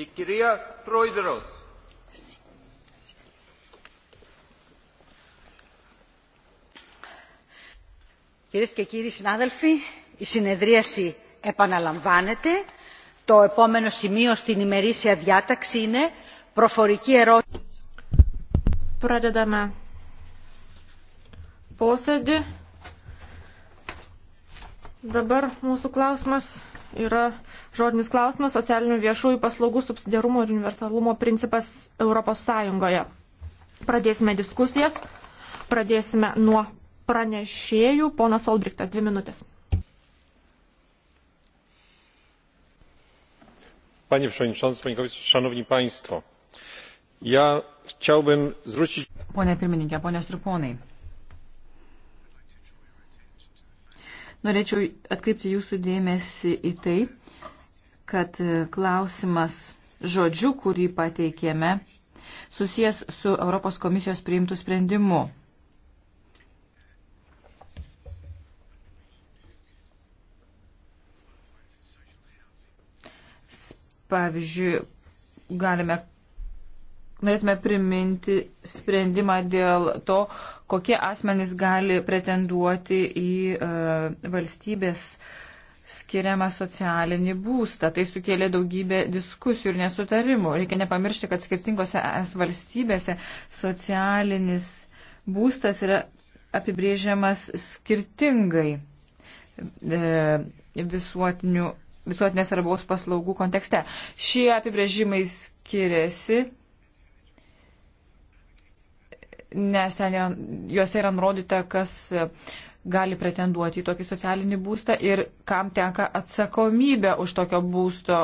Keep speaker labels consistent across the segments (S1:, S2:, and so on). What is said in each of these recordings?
S1: Η κυρία Πρόεδρος. Κυρίες και κύριοι συνάδελφοι, η συνεδρίαση επαναλαμβάνεται. Το επόμενο σημείο στην
S2: ημερήσια διάταξη είναι προφορική ερώτηση. Pradedame posėdį. Dabar mūsų klausimas yra žodinis klausimas socialinių viešųjų paslaugų subsidiarumo ir universalumo principas Europos Sąjungoje. Pradėsime diskusijas. Pradėsime nuo pranešėjų. Ponas Olbriktas, dvi minutės. Panie Przewodniczący, Panie Komisarzu, Szanowni Państwo. Ja chciałbym zwrócić...
S1: Pone pirmininkė, pone struponai. Norėčiau atkreipti jūsų dėmesį į tai, kad klausimas žodžiu, kurį pateikėme, susijęs su Europos komisijos priimtų sprendimu. Pavyzdžiui, galime norėtume priminti sprendimą dėl to, kokie asmenys gali pretenduoti į uh, valstybės skiriamą socialinį būstą. Tai sukėlė daugybę diskusijų ir nesutarimų. Reikia nepamiršti, kad skirtingose es valstybėse socialinis būstas yra apibrėžiamas skirtingai e, visuotinių visuotinės arbos paslaugų kontekste. Šie apibrėžimai skiriasi nes ten yra, juose yra nurodyta, kas gali pretenduoti į tokį socialinį būstą ir kam tenka atsakomybė už tokio būsto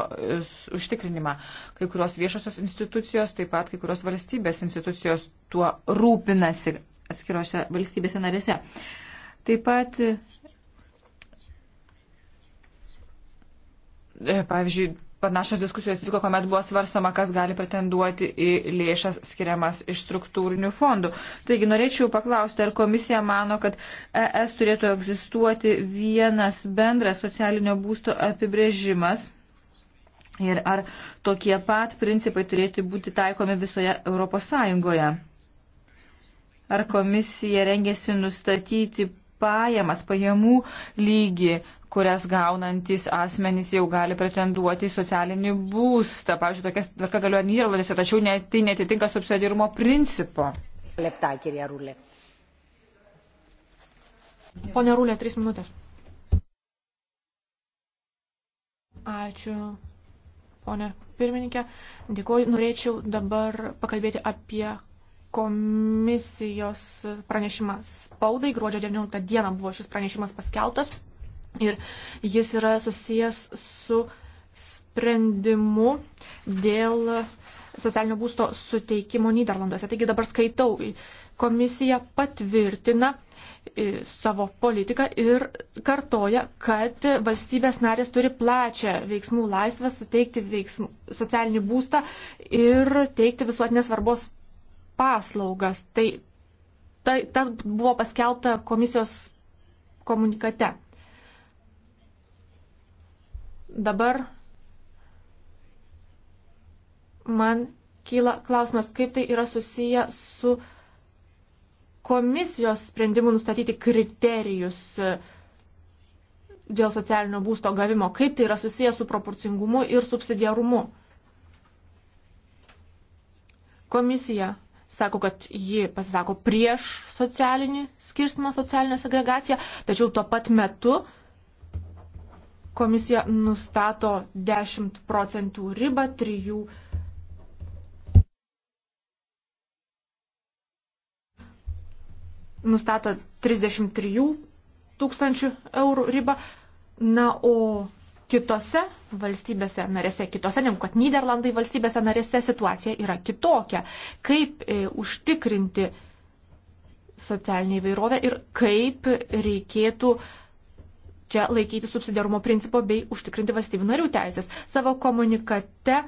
S1: užtikrinimą. Kai kurios viešosios institucijos, taip pat kai kurios valstybės institucijos tuo rūpinasi atskirose valstybėse narėse. Taip pat, e, pavyzdžiui, panašios diskusijos vyko, kuomet buvo svarstama, kas gali pretenduoti į lėšas skiriamas iš struktūrinių fondų. Taigi norėčiau paklausti, ar komisija mano, kad ES turėtų egzistuoti vienas bendras socialinio būsto apibrėžimas ir ar tokie pat principai turėtų būti taikomi visoje Europos Sąjungoje. Ar komisija rengėsi nustatyti pajamas, pajamų lygį, kurias gaunantis asmenys jau gali pretenduoti į socialinį būstą. Pavyzdžiui, tokia tvarka galioja Nyderlandėse, tačiau net, tai netitinka subsidiarumo principo.
S3: Pone Rūlė,
S2: trys minutės. Ačiū, ponė pirmininkė. Dėkuoju, norėčiau dabar pakalbėti apie komisijos pranešimą spaudai. Gruodžio 19 dieną buvo šis pranešimas paskeltas ir jis yra susijęs su sprendimu dėl socialinio būsto suteikimo Niderlanduose. Taigi dabar skaitau, komisija patvirtina e, savo politiką ir kartoja, kad valstybės narės turi plačią veiksmų laisvę suteikti veiksmų, socialinį būstą ir teikti visuotinės svarbos paslaugas. Tai, tai tas buvo paskelbta komisijos komunikate. Dabar man kyla klausimas, kaip tai yra susiję su komisijos sprendimu nustatyti kriterijus e, dėl socialinio būsto gavimo, kaip tai yra susiję su proporcingumu ir subsidiarumu. Komisija sako, kad ji pasisako prieš socialinį skirstimą, socialinę segregaciją, tačiau tuo pat metu uh, Komisija nustato 10 procentų ribą trijų nustato 33 tūkstančių eurų ribą. Na, o kitose valstybėse narėse, kitose, negu kad Niderlandai valstybėse narėse situacija yra kitokia. Kaip e, užtikrinti socialinį įvairovę ir kaip reikėtų e, čia laikyti subsidiarumo principo bei užtikrinti valstybių narių teisės. Savo komunikate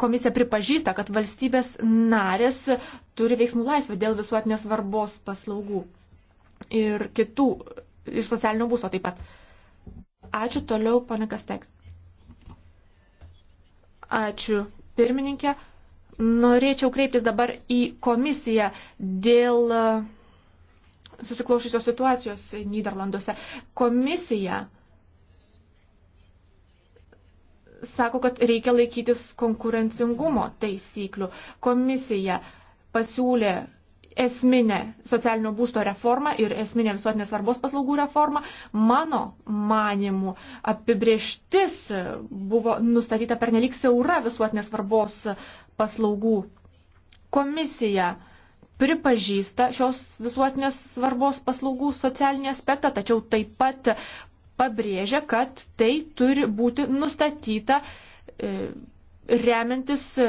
S2: komisija pripažįsta, kad valstybės narės turi veiksmų laisvę dėl visuotinės svarbos paslaugų ir kitų, ir socialinio būso taip pat. Ačiū toliau, pane Kasteks. Ačiū, pirmininkė. Norėčiau kreiptis dabar į komisiją dėl susiklaušusios situacijos Niderlanduose. Komisija sako, kad reikia laikytis konkurencingumo taisyklių. Komisija pasiūlė esminę socialinio būsto reformą ir esminę visuotinės svarbos paslaugų reformą. Mano manimu, apibrieštis buvo nustatyta per nelik siaura visuotinės svarbos paslaugų komisija pripažįsta šios visuotinės svarbos paslaugų socialinį aspektą, tačiau taip pat pabrėžia, kad tai turi būti nustatyta e, remiantis e,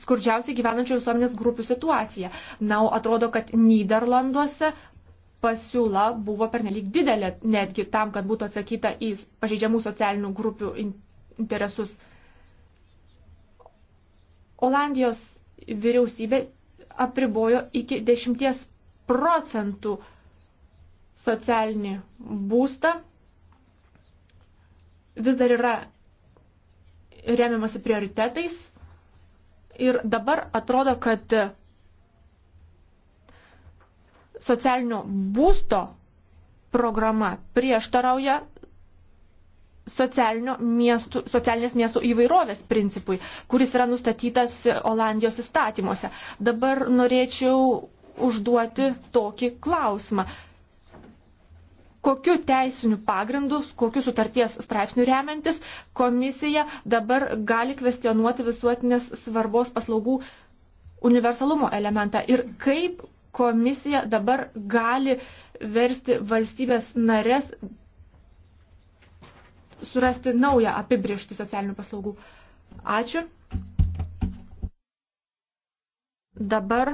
S2: skurdžiausiai gyvenančių visuomenės grupių situacija. Na, atrodo, kad Niderlanduose pasiūla buvo pernelyg didelė netgi tam, kad būtų atsakyta į pažeidžiamų socialinių grupių interesus. Olandijos vyriausybė apribojo iki 10 procentų socialinį būstą. Vis dar yra remiamasi prioritetais. Ir dabar atrodo, kad socialinio būsto programa prieštarauja miestų, socialinės miestų įvairovės principui, kuris yra nustatytas Olandijos įstatymuose. Dabar norėčiau užduoti tokį klausimą. Kokiu teisiniu pagrindu, kokiu sutarties straipsniu remiantis komisija dabar gali kvestionuoti visuotinės svarbos paslaugų universalumo elementą ir kaip komisija dabar gali versti valstybės narės surasti naują apibriežtį socialinių paslaugų. Ačiū. Dabar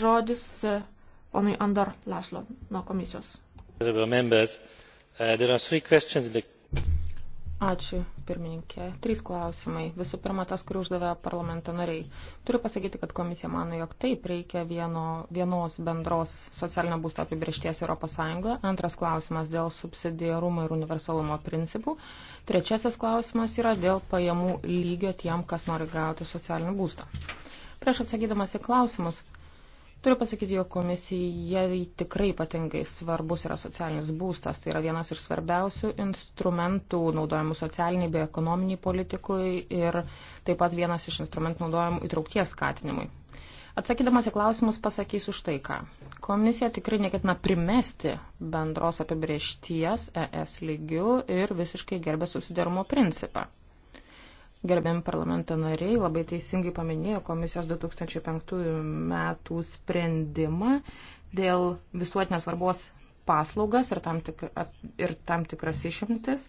S2: žodis e, ponui Andor Laslo nuo komisijos.
S1: Honorable members, uh, there are three questions in the
S2: Ačiū, pirmininkė.
S3: Trys klausimai. Visų pirma, tas, kurį uždavė parlamento nariai. Turiu pasakyti, kad komisija mano, jog taip reikia vieno, vienos bendros socialinio būsto apibriešties ES. Antras klausimas dėl subsidiarumo ir universalumo principų. Trečiasis klausimas yra dėl pajamų lygio tiem, kas nori gauti socialinį būstą. Prieš atsakydamas į klausimus, Turiu pasakyti, jo komisijai tikrai ypatingai svarbus yra socialinis būstas. Tai yra vienas iš svarbiausių instrumentų naudojamų socialiniai bei ekonominiai politikui ir taip pat vienas iš instrumentų naudojamų įtraukties skatinimui. Atsakydamas į klausimus pasakysiu štai ką. Komisija tikrai neketina primesti bendros apibriešties ES lygių ir visiškai gerbė susidarumo principą. Gerbiami parlamento nariai labai teisingai paminėjo komisijos 2005 metų sprendimą dėl visuotinės svarbos paslaugas ir tam, tik, ir tam tikras išimtis.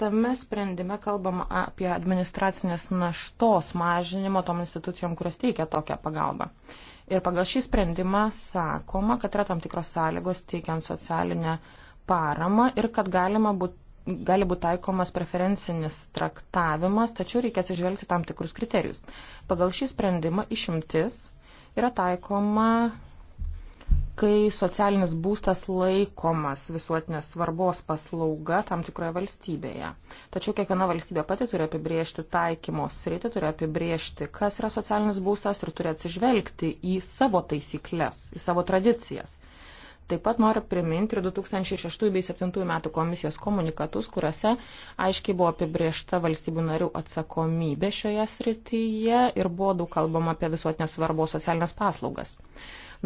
S3: Tame sprendime kalbam apie administracinės naštos mažinimo tom institucijom, kurios teikia tokią pagalbą. Ir pagal šį sprendimą sakoma, kad yra tam tikros sąlygos teikiant socialinę paramą ir kad galima būt, gali būti taikomas preferencinis traktavimas, tačiau reikia atsižvelgti tam tikrus kriterijus. Pagal šį sprendimą išimtis yra taikoma, kai socialinis būstas laikomas visuotinės svarbos paslauga tam tikroje valstybėje. Tačiau kiekviena valstybė pati turi apibriežti taikymo sritį, turi apibriežti, kas yra socialinis būstas ir turi atsižvelgti į savo taisyklės, į savo tradicijas. Taip pat noriu priminti ir 2006 bei 2007 metų komisijos komunikatus, kuriuose aiškiai buvo apibriešta valstybių narių atsakomybė šioje srityje ir buvo daug kalbama apie visuotinės svarbos socialinės paslaugas.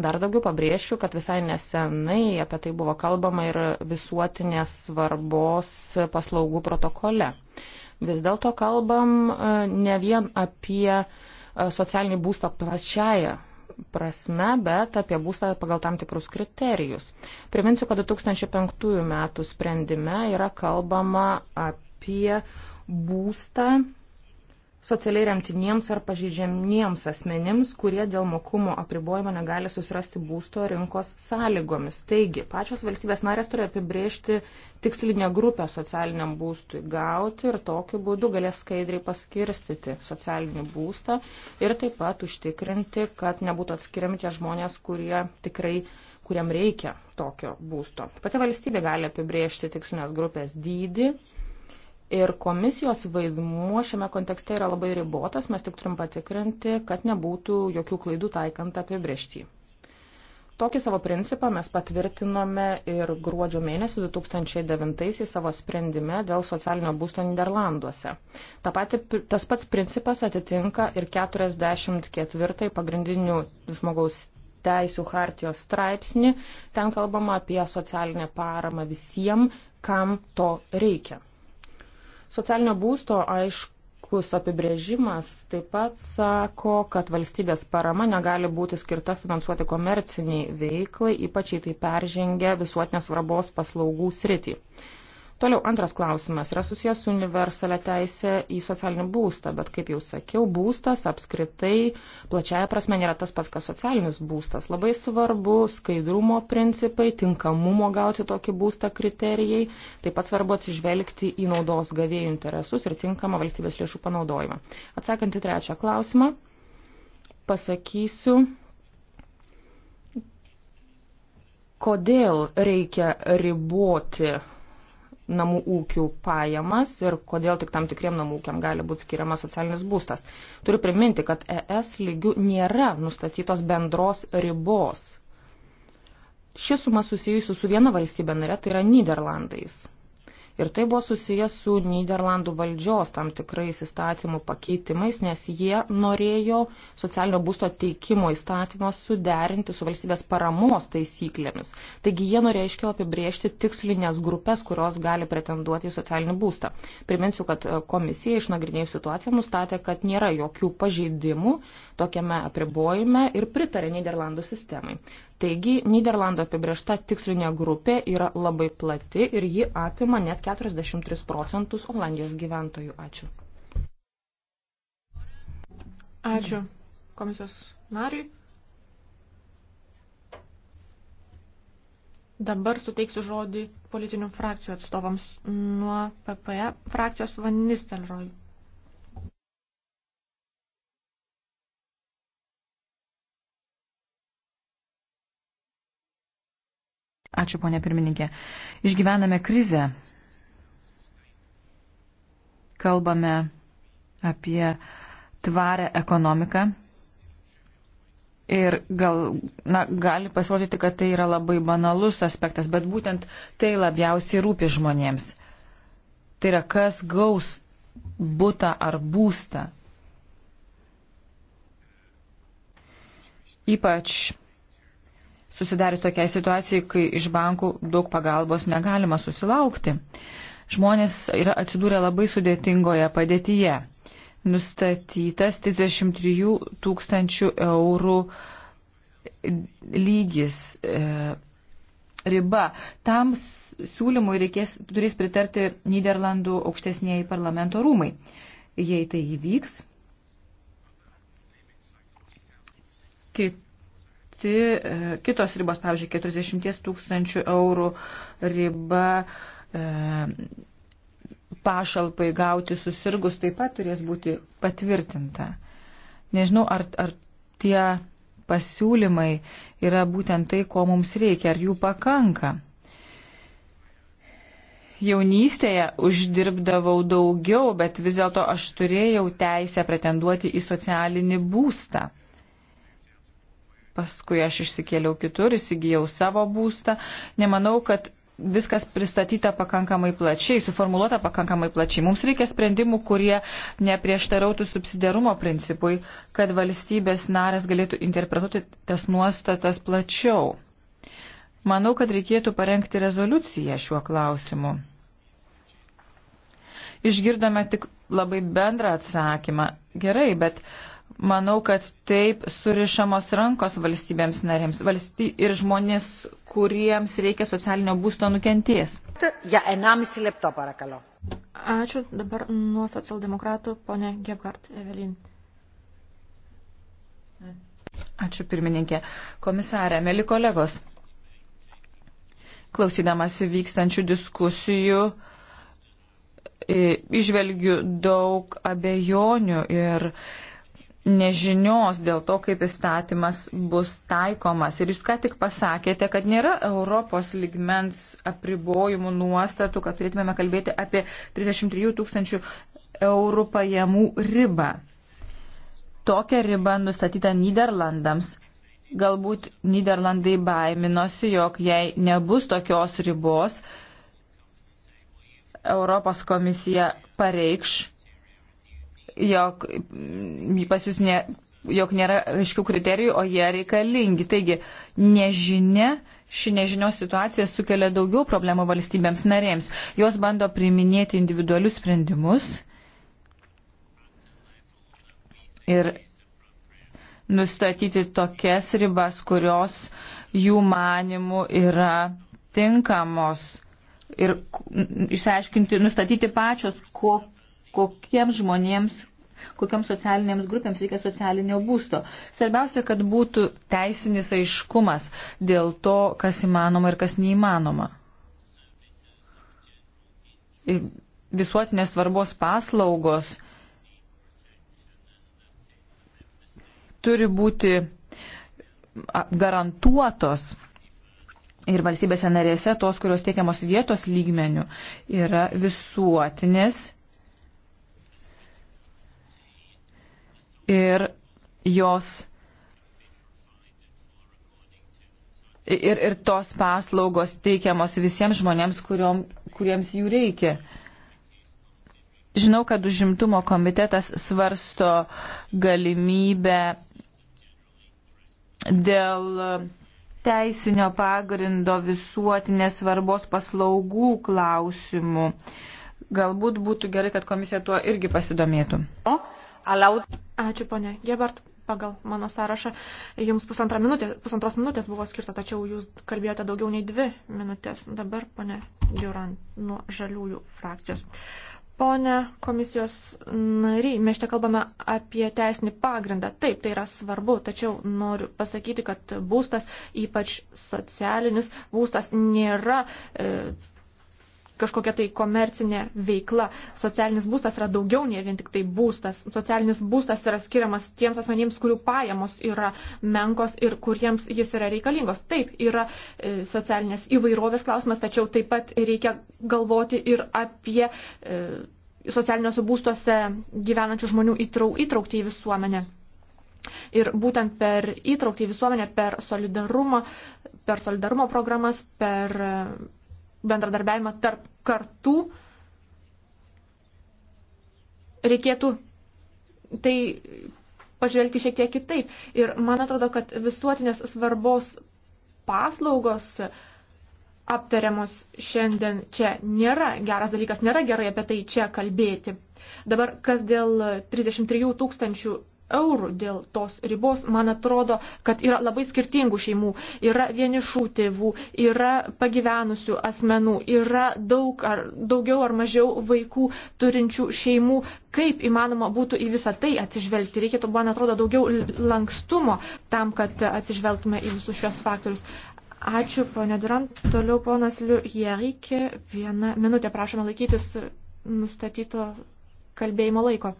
S3: Dar daugiau pabrėšiu, kad visai nesenai apie tai buvo kalbama ir visuotinės svarbos paslaugų protokole. Vis dėlto kalbam e, ne vien apie e, socialinį būstą plačiaja prasme, bet apie būstą pagal tam tikrus kriterijus. Priminsiu, kad 2005 metų sprendime yra kalbama apie būstą socialiai remtiniems ar pažeidžiamiems asmenims, kurie dėl mokumo apribojimo negali susirasti būsto rinkos sąlygomis. Taigi, pačios valstybės narės turi apibriežti tikslinę grupę socialiniam būstui gauti ir tokiu būdu galės skaidriai paskirstyti socialinį būstą ir taip pat užtikrinti, kad nebūtų atskiriami tie žmonės, kurie tikrai kuriam reikia tokio būsto. Pati valstybė gali apibriežti tikslinės grupės dydį Ir komisijos vaidmuo šiame kontekste yra labai ribotas, mes tik turim patikrinti, kad nebūtų jokių klaidų taikant apibriežtį. Tokį savo principą mes patvirtinome ir gruodžio mėnesį 2009 savo sprendime dėl socialinio būsto Niderlanduose. Ta pati, tas pats principas atitinka ir 44 pagrindinių žmogaus teisų hartijos straipsnį. Ten kalbama apie socialinę paramą visiems, kam to reikia. Socialinio būsto aiškus apibrėžimas taip pat sako, kad valstybės parama negali būti skirta finansuoti komerciniai veiklai, ypač jei tai peržengia visuotinės svarbos paslaugų sritį. Toliau antras klausimas yra susijęs su universalė teisė į socialinį būstą, bet kaip jau sakiau, būstas apskritai plačiaja prasme nėra tas pats, kas socialinis būstas. Labai svarbu skaidrumo principai, tinkamumo gauti tokį būstą kriterijai, taip pat svarbu atsižvelgti į naudos gavėjų interesus ir tinkamą valstybės lėšų panaudojimą. Atsakant į trečią klausimą, pasakysiu kodėl reikia riboti namų ūkių pajamas ir kodėl tik tam tikriem namų ūkiam gali būti skiriamas socialinis būstas. Turiu priminti, kad ES lygių nėra nustatytos bendros ribos. Ši suma susijusi su viena valstybė narė, tai yra Niderlandais. Ir tai buvo susijęs su Niderlandų valdžios tam tikrais įstatymų pakeitimais, nes jie norėjo socialinio būsto teikimo įstatymą suderinti su valstybės paramos taisyklėmis. Taigi jie norėjo aiškiau apibriežti tikslinės grupės, kurios gali pretenduoti į socialinį būstą. Priminsiu, kad komisija išnagrinėjus situaciją nustatė, kad nėra jokių pažeidimų tokiame apribojime ir pritarė Niderlandų sistemai. Taigi, Niderlando apibriešta tikslinė grupė yra labai plati ir ji apima net 43 procentus Olandijos gyventojų. Ačiū.
S2: Ačiū komisijos nariui. Dabar suteiksiu žodį politinių frakcijų atstovams nuo PPE frakcijos Van Nistelrooy.
S1: Ačiū, ponė pirmininkė. Išgyvename krizę. Kalbame apie tvarę ekonomiką. Ir gal, na, gali pasirodyti, kad tai yra labai banalus aspektas, bet būtent tai labiausiai rūpi žmonėms. Tai yra, kas gaus būtą ar būstą. Ypač susidarius tokiai situacijai, kai iš bankų daug pagalbos negalima susilaukti. Žmonės yra atsidūrę labai sudėtingoje padėtyje. Nustatytas 33 tūkstančių eurų lygis e, riba. Tam siūlymui reikės, turės pritarti Niderlandų aukštesnėji parlamento rūmai. Jei tai įvyks, kit, kiti, e, kitos ribos, pavyzdžiui, 40 tūkstančių eurų riba e, pašalpai gauti susirgus taip pat turės būti patvirtinta. Nežinau, ar, ar tie pasiūlymai yra būtent tai, ko mums reikia, ar jų pakanka. Jaunystėje uždirbdavau daugiau, bet vis dėlto aš turėjau teisę pretenduoti į socialinį būstą paskui aš išsikėliau kitur, įsigijau savo būstą. Nemanau, kad viskas pristatyta pakankamai plačiai, suformuoluota pakankamai plačiai. Mums reikia sprendimų, kurie neprieštarautų subsidiarumo principui, kad valstybės narės galėtų interpretuoti tas nuostatas plačiau. Manau, kad reikėtų parengti rezoliuciją šiuo klausimu. Išgirdome tik labai bendrą atsakymą. Gerai, bet uh, Manau, kad taip surišamos rankos valstybėms narėms valsty ir žmonės, kuriems reikia socialinio būsto nukentės.
S2: Ačiū dabar nuo socialdemokratų, ponė Gebhardt Evelin.
S1: Ačiū pirmininkė. Komisarė, mėly kolegos, klausydamasi vykstančių diskusijų, išvelgiu daug abejonių ir nežinios dėl to, kaip įstatymas bus taikomas. Ir jūs ką tik pasakėte, kad nėra Europos ligmens apribojimų nuostatų, kad turėtumėme kalbėti apie 33 tūkstančių eurų pajamų ribą. Tokią ribą nustatyta Niderlandams. Galbūt Niderlandai baiminosi, jog jei nebus tokios ribos, Europos komisija pareikš jog, ne, jog nėra aiškių kriterijų, o jie reikalingi. Taigi, nežinia, ši nežinios situacija sukelia daugiau problemų valstybėms narėms. Jos bando priiminėti individualius sprendimus ir nustatyti tokias ribas, kurios jų manimų yra tinkamos ir išsiaiškinti, nustatyti pačios, ko, kokiems žmonėms, kokiams socialinėms grupėms reikia socialinio būsto. Svarbiausia, kad būtų teisinis aiškumas dėl to, kas įmanoma ir kas neįmanoma. Visuotinės svarbos paslaugos turi būti garantuotos ir valstybėse narėse tos, kurios teikiamos vietos lygmenių, yra visuotinės ir jos ir, ir tos paslaugos teikiamos visiems žmonėms, kuriom, kuriems jų reikia. Žinau, kad užimtumo komitetas svarsto galimybę dėl teisinio pagrindo visuotinės svarbos paslaugų klausimų. Galbūt būtų gerai, kad komisija tuo irgi pasidomėtų.
S2: O, alaud... Ačiū, ponė Gebart. Pagal mano sąrašą jums minutė, pusantros minutės buvo skirta, tačiau jūs kalbėjote daugiau nei dvi minutės. Dabar, ponė Duran, nuo žaliųjų frakcijos. Pone komisijos nariai, mes čia kalbame apie teisinį pagrindą. Taip, tai yra svarbu, tačiau noriu pasakyti, kad būstas, ypač socialinis būstas, nėra e, kažkokia tai komercinė veikla. Socialinis būstas yra daugiau nei vien tik tai būstas. Socialinis būstas yra skiriamas tiems asmenims, kurių pajamos yra menkos ir kuriems jis yra reikalingos. Taip, yra e, socialinės įvairovės klausimas, tačiau taip pat reikia galvoti ir apie e, socialiniuose būstuose gyvenančių žmonių įtraukti į visuomenę. Ir būtent per įtraukti į visuomenę, per solidarumą, per solidarumo programas, per bendradarbiavimą tarp kartų, reikėtų tai pažvelgti šiek tiek kitaip. Ir man atrodo, kad visuotinės svarbos paslaugos aptariamos šiandien čia nėra geras dalykas, nėra gerai apie tai čia kalbėti. Dabar kas dėl 33 tūkstančių eurų dėl tos ribos, man atrodo, kad yra labai skirtingų šeimų. Yra vienišų tėvų, yra pagyvenusių asmenų, yra daug ar daugiau ar mažiau vaikų turinčių šeimų. Kaip įmanoma būtų į visą tai atsižvelgti? Reikėtų, man atrodo, daugiau lankstumo tam, kad atsižvelgtume į visus šios faktorius. Ačiū, ponė Durant. Toliau ponas Liujerikė. Vieną minutę prašome laikytis nustatyto kalbėjimo laiko.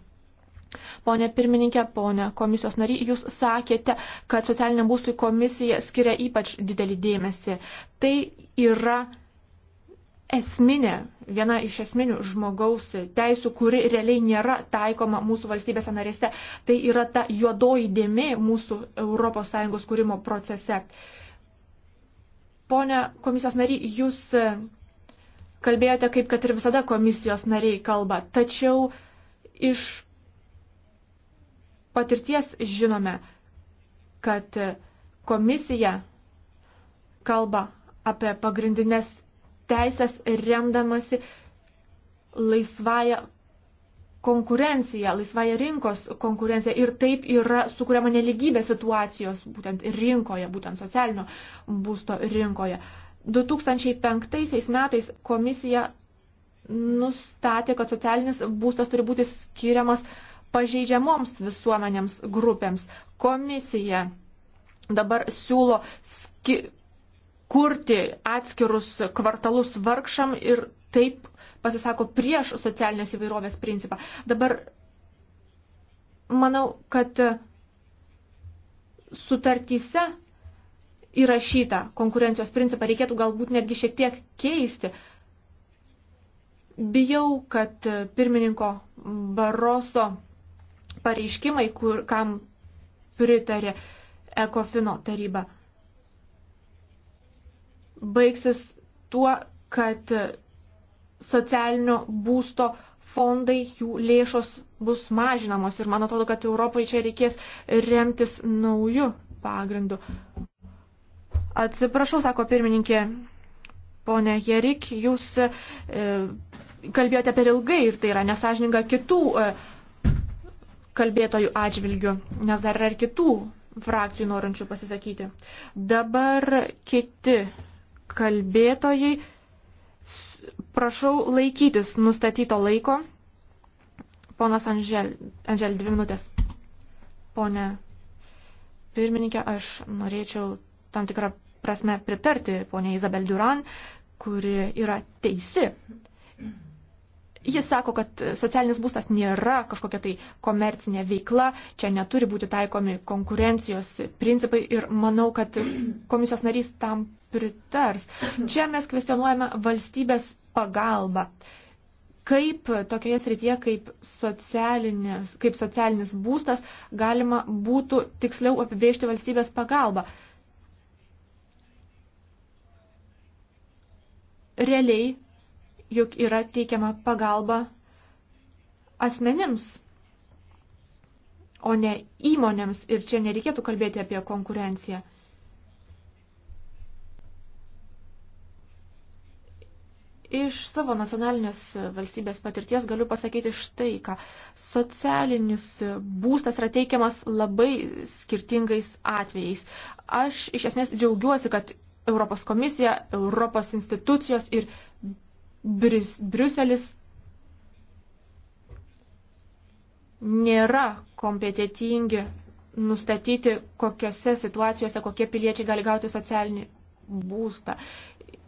S2: Pone pirmininkė, pone komisijos nary, jūs sakėte, kad socialiniam būstui komisija skiria ypač didelį dėmesį. Tai yra esminė, viena iš esminių žmogaus teisų, kuri realiai nėra taikoma mūsų valstybėse narėse. Tai yra ta juodoji dėmė mūsų ES kūrimo procese. Pone komisijos nary, jūs kalbėjote kaip kad ir visada komisijos nariai kalba, tačiau iš patirties žinome, kad komisija kalba apie pagrindinės teisės remdamasi laisvąją konkurenciją, laisvąją rinkos konkurenciją ir taip yra sukūriama neligybė situacijos būtent rinkoje, būtent socialinio būsto rinkoje. 2005 metais komisija nustatė, kad socialinis būstas turi būti skiriamas pažeidžiamoms visuomenėms grupėms. Komisija dabar siūlo ski, kurti atskirus kvartalus vargšam ir taip pasisako prieš socialinės įvairovės principą. Dabar manau, kad sutartyse įrašytą konkurencijos principą reikėtų galbūt netgi šiek tiek keisti. Bijau, kad pirmininko Baroso pareiškimai, kur, kam pritarė Ekofino taryba, baigsis tuo, kad socialinio būsto fondai, jų lėšos bus mažinamos ir man atrodo, kad Europai čia reikės remtis naujų pagrindų. Atsiprašau, sako pirmininkė, ponė Jerik, jūs e, kalbėjote per ilgai ir tai yra nesažininga kitų e, kalbėtojų atžvilgių, nes dar yra ir kitų frakcijų norinčių pasisakyti. Dabar kiti kalbėtojai, prašau laikytis nustatyto laiko. Ponas Anžel, Anžel dvi minutės. Pone pirmininkė, aš norėčiau tam tikrą prasme pritarti ponė Izabel Duran, kuri yra teisi. Jis sako, kad socialinis būstas nėra kažkokia tai komercinė veikla, čia neturi būti taikomi konkurencijos principai ir manau, kad komisijos narys tam pritars. Čia mes kvestionuojame valstybės pagalbą. Kaip tokioje srityje, kaip socialinis, kaip socialinis būstas, galima būtų tiksliau apibrėžti valstybės pagalbą. Realiai juk yra teikiama pagalba asmenims, o ne įmonėms. Ir čia nereikėtų kalbėti apie konkurenciją. Iš savo nacionalinės valstybės patirties galiu pasakyti štai ką. Socialinis būstas yra teikiamas labai skirtingais atvejais. Aš iš esmės džiaugiuosi, kad Europos komisija, Europos institucijos ir Bris, Briuselis nėra kompetitingi nustatyti, kokiose situacijose kokie piliečiai gali gauti socialinį būstą.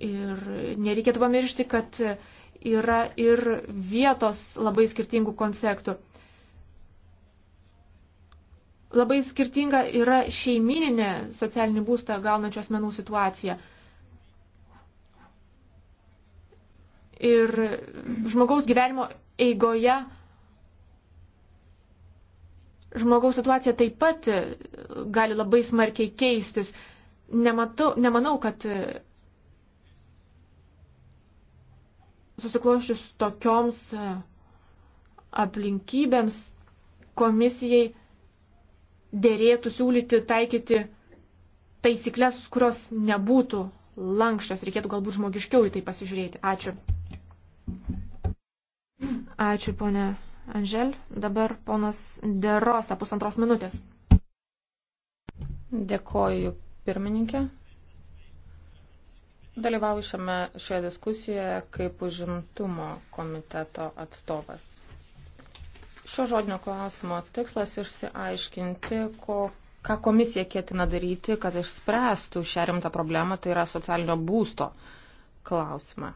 S2: Ir nereikėtų pamiršti, kad yra ir vietos labai skirtingų konceptų. Labai skirtinga yra šeimininė socialinį būstą gaunančios menų situacija. ir žmogaus gyvenimo eigoje žmogaus situacija taip pat gali labai smarkiai keistis. Nematau, nemanau, kad susikloščius tokioms aplinkybėms komisijai dėrėtų siūlyti taikyti taisyklės, kurios nebūtų lankščios. Reikėtų galbūt žmogiškiau į tai pasižiūrėti. Ačiū. Ačiū, ponė Anžel. Dabar ponas Derosa, pusantros minutės. Dėkoju, pirmininkė.
S3: Dalyvauju šiame, šioje diskusijoje kaip užimtumo komiteto atstovas. Šio žodinio klausimo tikslas išsiaiškinti, ko, ką komisija ketina daryti, kad išspręstų šią rimtą problemą, tai yra socialinio būsto klausimą.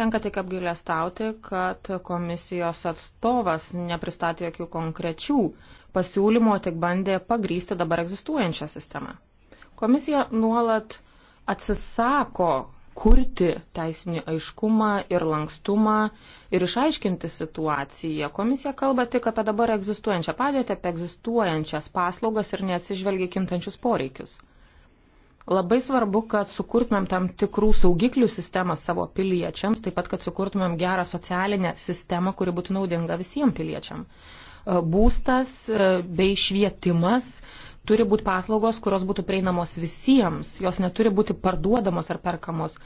S3: Tenka tik apgailestauti, kad komisijos atstovas nepristatė jokių konkrečių pasiūlymų, tik bandė pagrysti dabar egzistuojančią sistemą. Komisija nuolat atsisako kurti teisinį aiškumą ir lankstumą ir išaiškinti situaciją. Komisija kalba tik apie dabar egzistuojančią padėtį, apie egzistuojančias paslaugas ir neatsižvelgia kintančius poreikius. Labai svarbu, kad sukurtumėm tam tikrų saugiklių sistemą savo piliečiams, taip pat, kad sukurtumėm gerą socialinę sistemą, kuri būtų naudinga visiems piliečiam. E, būstas e, bei švietimas turi būti paslaugos, kurios būtų prieinamos visiems, jos neturi būti parduodamos ar perkamos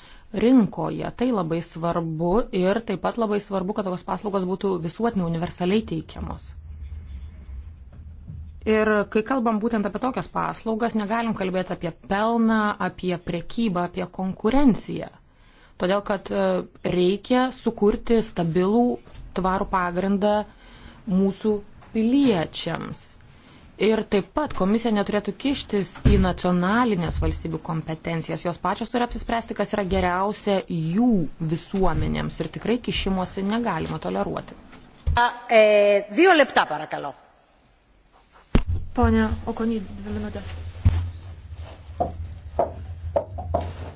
S3: rinkoje. Tai labai svarbu ir taip pat labai svarbu, kad tokios paslaugos būtų visuotinai universaliai teikiamos. Ir kai kalbam būtent apie tokias paslaugas, negalim kalbėti apie pelną, apie prekybą, apie konkurenciją. Todėl, kad e, reikia sukurti stabilų, tvarų pagrindą mūsų piliečiams. Ir taip pat komisija neturėtų kištis į nacionalinės valstybių kompetencijas. Jos pačios turi apsispręsti, kas yra geriausia jų visuomenėms. Ir tikrai kišimuosi negalima toleruoti. A, e,
S2: Pone Okony, dvi minutės.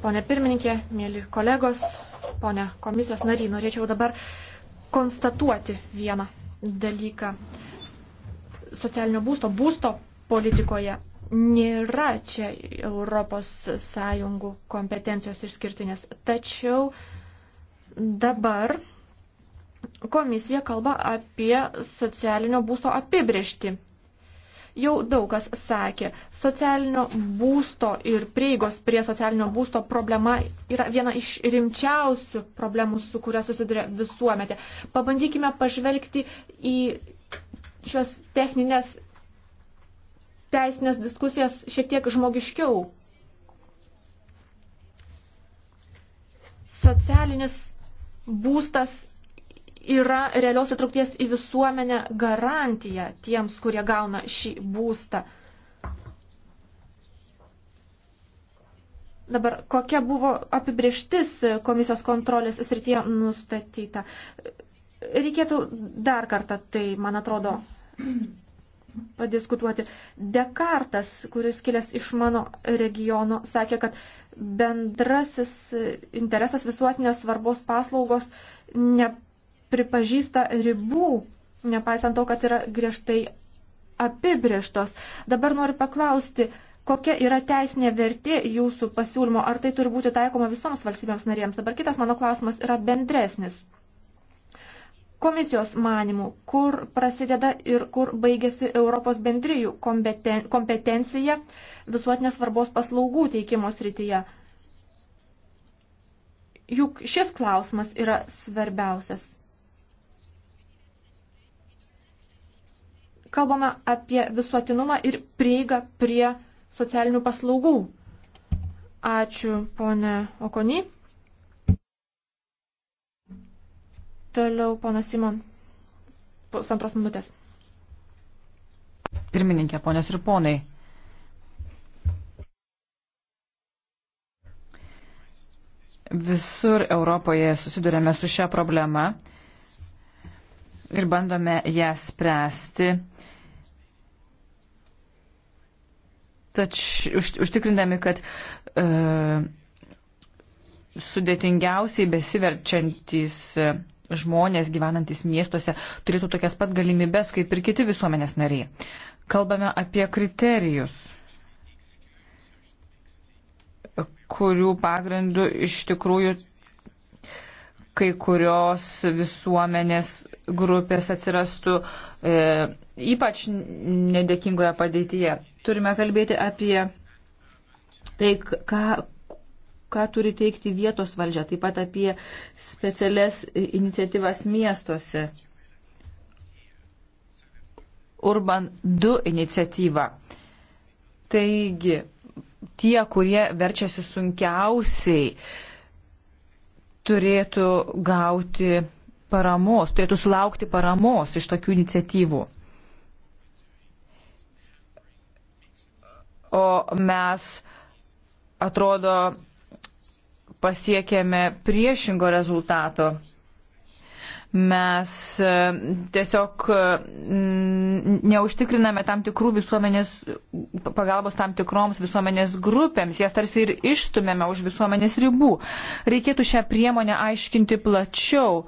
S2: Pone pirmininkė, mėly kolegos, pone komisijos nariai, norėčiau dabar konstatuoti vieną dalyką. Socialinio būsto, būsto politikoje nėra čia Europos sąjungų kompetencijos išskirtinės. Tačiau dabar komisija kalba apie socialinio būsto apibriešti. Jau daug kas sakė, socialinio būsto ir prieigos prie socialinio būsto problema yra viena iš rimčiausių problemų, su kuria susiduria visuometė. Pabandykime pažvelgti į šios techninės teisinės diskusijas šiek tiek žmogiškiau. Socialinis būstas yra realios įtraukties į visuomenę garantija tiems, kurie gauna šį būstą. Dabar, kokia buvo apibrieštis komisijos kontrolės srityje nustatyta? Reikėtų dar kartą, tai man atrodo, padiskutuoti. Dekartas, kuris kilęs iš mano regiono, sakė, kad bendrasis interesas visuotinės svarbos paslaugos ne pripažįsta ribų, nepaisant to, kad yra griežtai apibrieštos. Dabar noriu paklausti, kokia yra teisinė vertė jūsų pasiūlymo, ar tai turi būti taikoma visoms valstybėms narėms. Dabar kitas mano klausimas yra bendresnis. Komisijos manimų, kur prasideda ir kur baigėsi Europos bendrijų kompetencija visuotinės svarbos paslaugų teikimo srityje. Juk šis klausimas yra svarbiausias. kalbame apie visuotinumą ir prieigą prie socialinių paslaugų. Ačiū, ponė Okony. Toliau, ponas Simon, pusantros minutės.
S1: Pirmininkė, ponės ir ponai. Visur Europoje susidurėme su šią problemą ir bandome ją spręsti tačiau užtikrindami, kad e, sudėtingiausiai besiverčiantys e, žmonės gyvenantis miestuose turėtų tokias pat galimybės kaip ir kiti visuomenės nariai. Kalbame apie kriterijus, kurių pagrindų iš tikrųjų kai kurios visuomenės grupės atsirastų e, ypač nedėkingoje padėtyje. Turime kalbėti apie tai, ką, ką turi teikti vietos valdžia, taip pat apie specialias iniciatyvas miestuose. Urban 2 iniciatyva. Taigi, tie, kurie verčiasi sunkiausiai, turėtų gauti paramos, turėtų sulaukti paramos iš tokių iniciatyvų. o mes atrodo pasiekėme priešingo rezultato. Mes e, tiesiog e, neužtikriname tam tikrų visuomenės pagalbos tam tikroms visuomenės grupėms, jas tarsi ir išstumėme už visuomenės ribų. Reikėtų šią priemonę aiškinti plačiau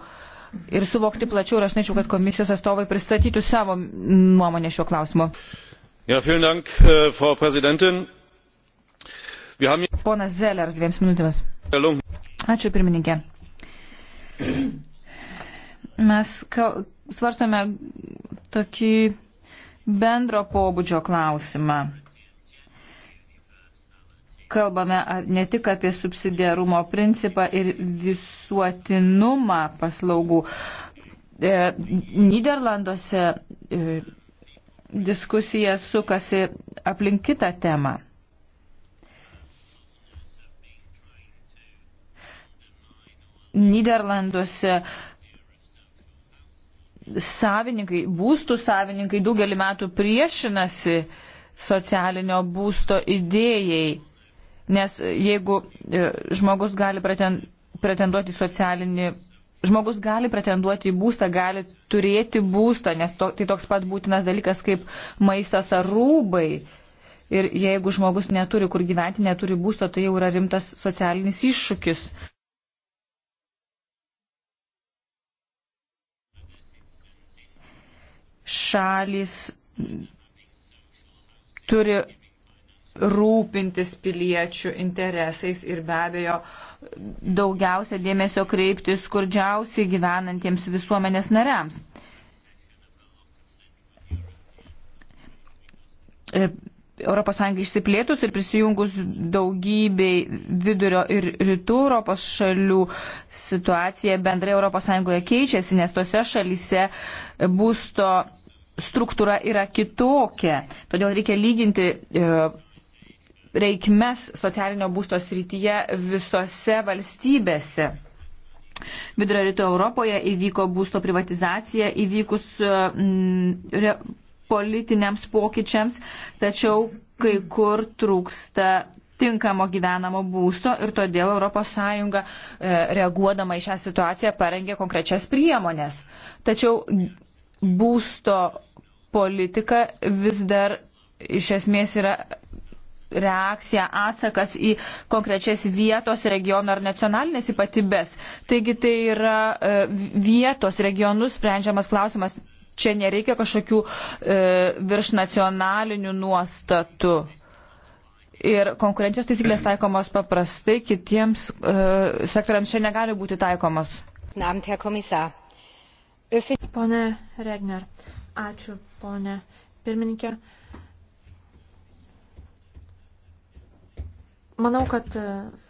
S1: ir suvokti plačiau ir aš nečiau, kad komisijos atstovai pristatytų savo nuomonę šiuo klausimu.
S3: Äh, frau präsidentin!
S1: ponas zelleris dviem minutėms. ačiū pirmininkė. mes svarstome tokį bendro pobūdžio klausimą. Kalbame ne tik apie subsidiarumo principą ir visuotinumą paslaugų. E, Niderlanduose e, diskusija sukasi aplink kitą temą. Niderlanduose savininkai, būstų savininkai daugelį metų priešinasi socialinio būsto idėjai, nes jeigu e, žmogus gali pretenduoti socialinį žmogus gali pretenduoti į būstą, gali turėti būstą, nes to, tai toks pat būtinas dalykas kaip maistas ar rūbai. Ir jeigu žmogus neturi kur gyventi, neturi būsto, tai jau yra rimtas socialinis iššūkis. Šalis turi rūpintis piliečių interesais ir be abejo daugiausia dėmesio kreipti skurdžiausiai gyvenantiems visuomenės nariams. ES išsiplėtus ir prisijungus daugybei vidurio ir rytų Europos šalių situacija bendrai ES keičiasi, nes tose šalyse būsto struktūra yra kitokia. Todėl reikia lyginti e, reikmes socialinio būsto srityje visose valstybėse. Vidurio rytų Europoje įvyko būsto privatizacija, įvykus mm, politiniams pokyčiams, tačiau kai kur trūksta tinkamo gyvenamo būsto ir todėl ES e, reaguodama į šią situaciją parengė konkrečias priemonės. Tačiau būsto politika vis dar iš esmės yra reakcija, atsakas į konkrečias vietos, regiono ar nacionalinės ypatybės. Taigi tai yra e, vietos, regionus sprendžiamas klausimas. Čia nereikia kažkokių e, virš nacionalinių nuostatų. Ir konkurencijos taisyklės taikomos paprastai, kitiems e, sektoriams čia negali būti taikomos.
S2: Pone Regner, ačiū, pone pirmininkė. E, Manau, kad e,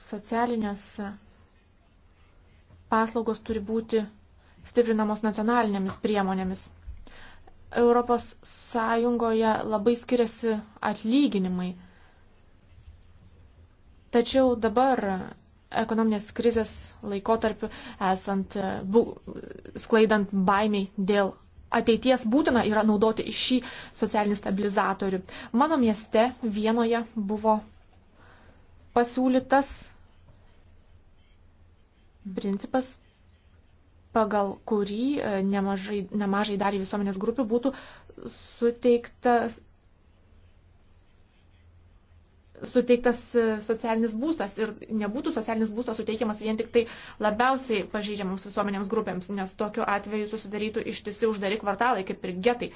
S2: socialinės paslaugos turi būti stiprinamos nacionalinėmis priemonėmis. Europos Sąjungoje labai skiriasi atlyginimai. Tačiau dabar ekonominės krizės laikotarpiu esant e, bu, sklaidant baimiai dėl ateities būtina yra naudoti šį socialinį stabilizatorių. Mano mieste Vienoje buvo pasiūlytas principas, pagal kurį e, nemažai, nemažai dalį visuomenės grupių būtų suteiktas suteiktas socialinis būstas ir nebūtų socialinis būstas suteikiamas vien tik tai labiausiai pažeidžiamams visuomenėms grupėms, nes tokiu atveju susidarytų ištisi uždari kvartalai, kaip ir getai.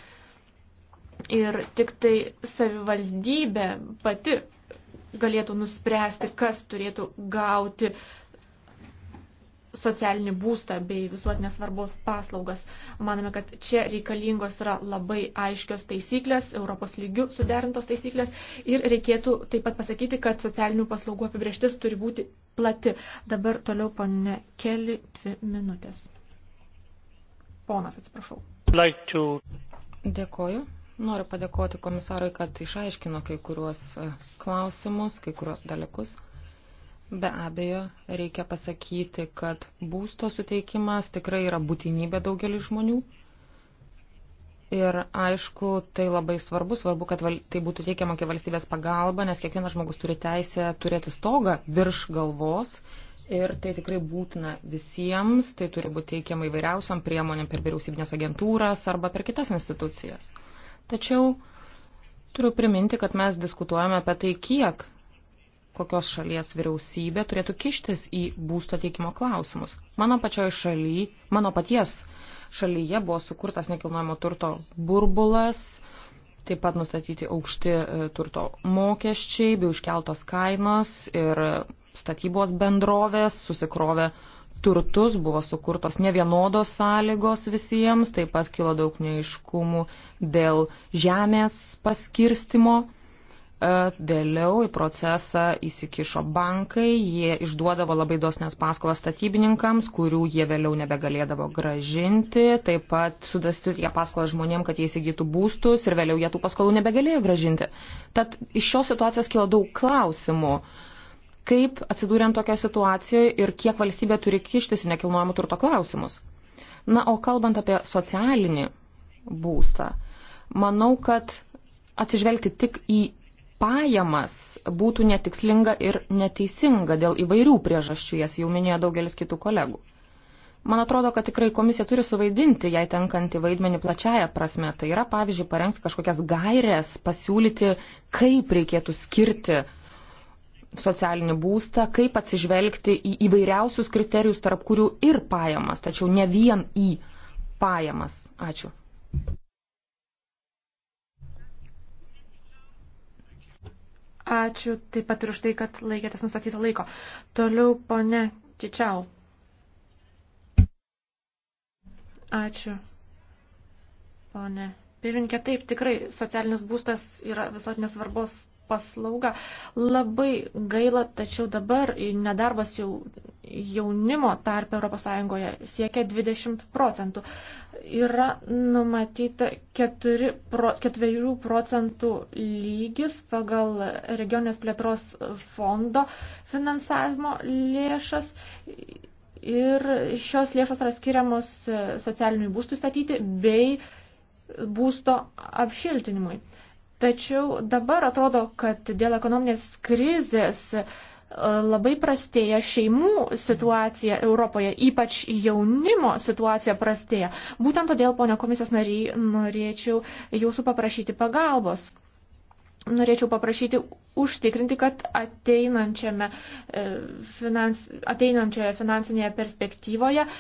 S2: Ir tik tai savivaldybė pati galėtų nuspręsti, kas turėtų gauti socialinį būstą bei visuotinės svarbos paslaugas. Manome, kad čia reikalingos yra labai aiškios taisyklės, Europos lygių suderintos taisyklės ir reikėtų taip pat pasakyti, kad socialinių paslaugų apibrieštis turi būti plati. Dabar toliau ponė keli dvi minutės. Ponas, atsiprašau. Like to... Dėkoju.
S3: Noriu padėkoti komisarui, kad išaiškino kai kuriuos e, klausimus, kai kuriuos dalykus. Be abejo, reikia pasakyti, kad būsto suteikimas tikrai yra būtinybė daugelis žmonių. Ir aišku, tai labai svarbu, svarbu, kad tai būtų teikiama kaip valstybės pagalba, nes kiekvienas žmogus turi teisę turėti stogą virš galvos Ir tai tikrai būtina visiems, tai turi būti teikiama įvairiausiam priemonėm per vyriausybinės agentūras arba per kitas institucijas. Tačiau turiu priminti, kad mes diskutuojame apie tai, kiek kokios šalies vyriausybė turėtų kištis į būsto teikimo klausimus. Mano pačioj šaly, mano paties šalyje buvo sukurtas nekilnojamo turto burbulas, taip pat nustatyti aukšti e, turto mokesčiai bei užkeltos kainos ir statybos bendrovės susikrovė turtus, buvo sukurtos nevienodos sąlygos visiems, taip pat kilo daug neiškumų dėl žemės paskirstimo. E, vėliau į procesą įsikišo bankai, jie išduodavo labai dosnes paskolas statybininkams, kurių jie vėliau nebegalėdavo gražinti, taip pat sudasti tie paskolas žmonėm, kad jie įsigytų būstus ir vėliau jie tų paskolų nebegalėjo gražinti. Tad iš šios situacijos kilo daug klausimų. Uh, kaip atsidūrėm tokio situacijoje ir kiek valstybė turi kištis į nekilnojamo turto klausimus. Na, o kalbant apie socialinį būstą, manau, kad atsižvelgti tik į pajamas būtų netikslinga ir neteisinga dėl įvairių priežasčių, jas jau minėjo daugelis kitų kolegų. Man atrodo, kad tikrai komisija turi suvaidinti jai tenkantį vaidmenį plačiaja prasme. Tai yra, pavyzdžiui, parengti kažkokias gairias, pasiūlyti, kaip reikėtų skirti socialinį būstą, kaip atsižvelgti į įvairiausius kriterijus, tarp kurių ir pajamas, tačiau ne vien į pajamas. Ačiū.
S2: Ačiū taip pat ir už tai, kad laikėtės nustatyto laiko. Toliau, ponė Čičiau. Ačiū, ponė. Pirminkė, taip, tikrai socialinis būstas yra visuotinės svarbos paslauga. Labai gaila, tačiau dabar nedarbas jau jaunimo tarp ES siekia 20 procentų. Yra numatyta 4, pro, 4 procentų lygis pagal regionės plėtros fondo finansavimo lėšas. Ir šios lėšos yra skiriamos socialiniui būstui statyti bei būsto apšiltinimui. Tačiau dabar atrodo, kad dėl ekonominės krizės e, labai prastėja šeimų situacija Europoje, ypač jaunimo situacija prastėja. Būtent todėl, ponia komisijos nariai, norėčiau jūsų paprašyti pagalbos. Norėčiau paprašyti užtikrinti, kad ateinančiame, e, finans, ateinančioje finansinėje perspektyvoje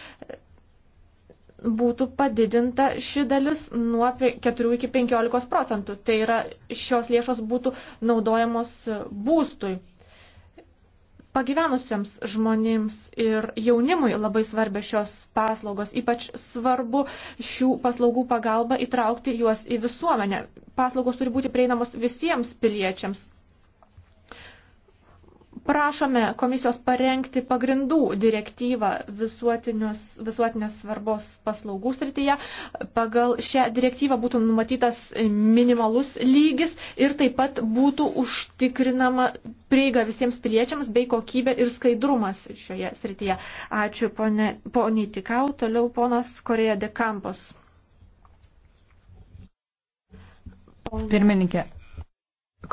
S2: būtų padidinta ši dalis nuo 4 iki 15 procentų. Tai yra šios lėšos būtų naudojamos būstui. Pagyvenusiems žmonėms ir jaunimui labai svarbios šios paslaugos. Ypač svarbu šių paslaugų pagalba įtraukti juos į visuomenę. Paslaugos turi būti prieinamos visiems piliečiams. Prašome komisijos parengti pagrindų direktyvą visuotinės svarbos paslaugų srityje. Pagal šią direktyvą būtų numatytas minimalus lygis ir taip pat būtų užtikrinama prieiga visiems piliečiams bei kokybė ir skaidrumas šioje srityje. Ačiū poniai poni Tikau, toliau ponas Korėja de Campos.
S1: Pirmininkė,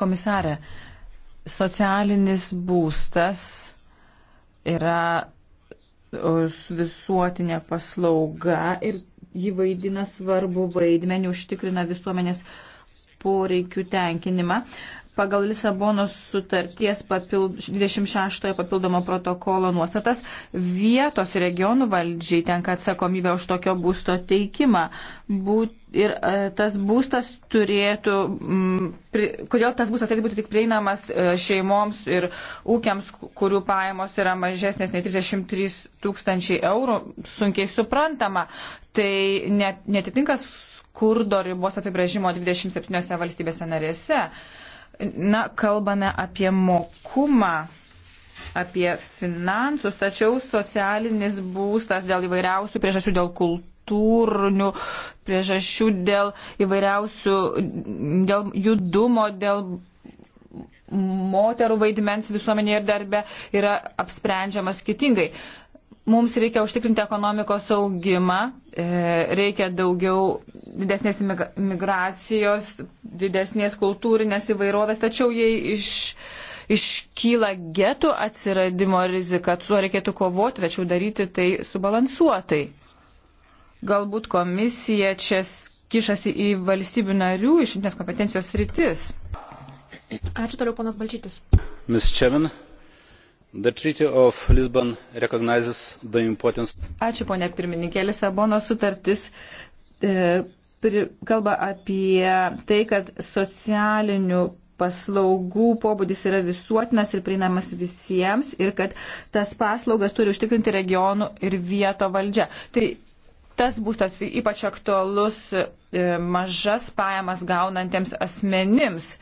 S1: komisarė, Socialinis būstas yra visuotinė paslauga ir ji vaidina svarbu vaidmenį, užtikrina visuomenės poreikių tenkinimą pagal Lisabonos sutarties papild, 26 papildomo protokolo nuostatas vietos regionų valdžiai tenka atsakomybė už tokio būsto teikimą. Būt, ir e, tas būstas turėtų, m, mm, pri, kodėl tas būstas turėtų būti tik prieinamas e, šeimoms ir ūkiams, kurių pajamos yra mažesnės nei 33 tūkstančiai eurų, sunkiai suprantama. Tai net, netitinka skurdo ribos apibrėžimo 27 valstybėse narėse. E, na, kalbame apie mokumą, apie finansus, tačiau socialinis būstas dėl įvairiausių priežasčių, dėl kultūrinių priežasčių, dėl įvairiausių, dėl judumo, dėl moterų vaidmens visuomenėje ir darbe yra apsprendžiamas skirtingai. Mums reikia užtikrinti ekonomikos augimą, e, reikia daugiau didesnės migracijos, didesnės kultūrinės įvairovės, tačiau jei iš, iškyla getų atsiradimo rizika, su reikėtų kovoti, tačiau daryti tai subalansuotai. Galbūt komisija čia kišasi į valstybių narių išimtinės kompetencijos rytis.
S2: Ačiū toliau, ponas Balčytis.
S3: Ms. Čevin. Ačiū,
S1: ponė pirmininkė. Lisabono sutartis e, pri, kalba apie tai, kad socialinių paslaugų pobūdis yra visuotinas ir prieinamas visiems ir kad tas paslaugas turi užtikrinti regionų ir vieto valdžia. Tai tas būstas ypač aktualus e, mažas pajamas gaunantiems asmenims. E,